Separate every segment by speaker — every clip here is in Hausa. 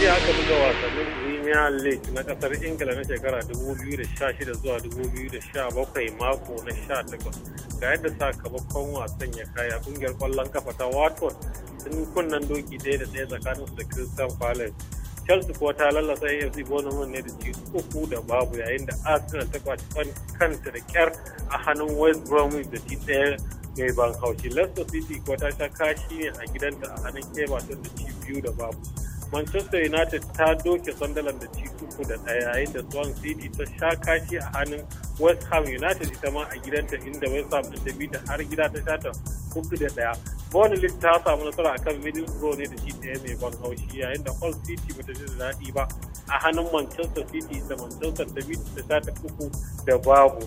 Speaker 1: jiya aka buga wasannin premier league na kasar ingila na shekara 2016 zuwa 2017 mako na 18 ga yadda sakamakon wasan ya kaya kungiyar kwallon kafa ta watford sun kunnan doki ɗaya da ɗaya tsakanin su da crystal palace chelsea kuwa ta lallasa afc bournemouth ne da ci uku da babu yayin da arsenal ta kwaci kanta da kyar a hannun west bromwich da ci ɗaya mai ban haushi leicester city kuwa ta sha kashi ne a gidanta a hannun everton da ci biyu da babu manchester united ta doke sunderland da ci uku da ɗaya yayin da swan city ta sha kashi a hannun west ham united ita ma a gidanta inda west ham ta bi har gida ta sha ta uku da ɗaya Burnley ta samu nasara akan Middlesbrough ne da shi ɗaya mai ban haushi yayin da Hull City bata ji da daɗi ba a hannun Manchester City da Manchester ta sha ta uku da babu.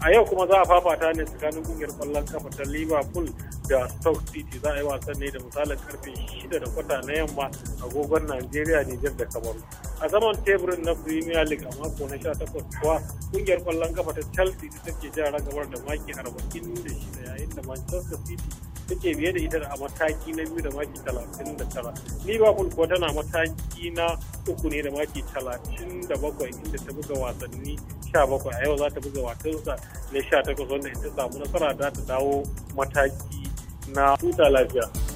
Speaker 1: a yau kuma za a fafata ne tsakanin kungiyar kwallon kafa ta liverpool da stoke city za a yi wasan ne da misalin karfe shida da kwata na yamma agogon najeriya nijar da kamaru a zaman teburin na premier league a mako na sha 18 kuwa kungiyar kwallon kafa ta chelsea ta take jan gabar da maki arba'in da 46 yayin da manchester city take biye da ita a mataki na biyu da maki talatin da tara liverpool ko tana mataki na uku ne da maki talatin da bakwai inda ta buga wasanni sha bakwai a yau za ta buga wasansa na sha takwas wanda ita samu nasara za ta dawo mataki na tuta lafiya.